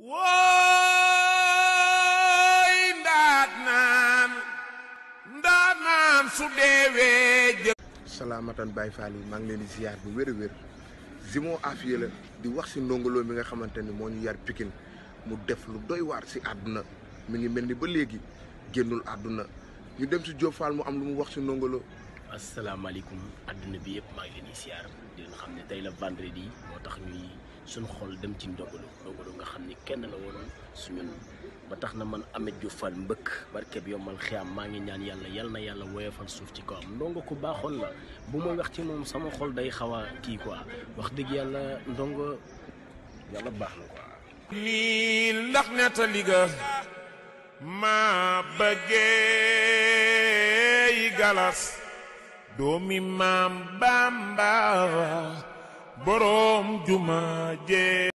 wooy ndaat naan ndaat naan su deewee jë salaamatan baay Fall yi maa leen di ziar bu wér a wér Zimo Afia la di wax ci Ndongo mi nga xamante ni moo ñu yar pikin mu def lu doy waar ci àdduna mi ngi mel ni ba léegi génnul àdduna ñu dem si Diop mu am lu mu wax ci Ndongo asalaamaaleykum àdduna bi yëpp maa ngi leen siyaar di xam ne tey la vendredi moo tax ñuy suñu xol dem ci Ndongo Lo Ndongo nga xam ne kenn la woon suñu ba tax na man Ameth Diop fal mbëkk barkeb yombal xiyaam maa ngi ñaan yàlla yal na yàlla woyofal suuf ci kawam ndongo ku baaxoon la bu may wax ci moom sama xol day xaw a kii quoi wax dëgg yàlla ndongo yàlla baax na quoi. lii ndax nettali ga maa bëggee galas. doomi maam Bamba boroom juma jee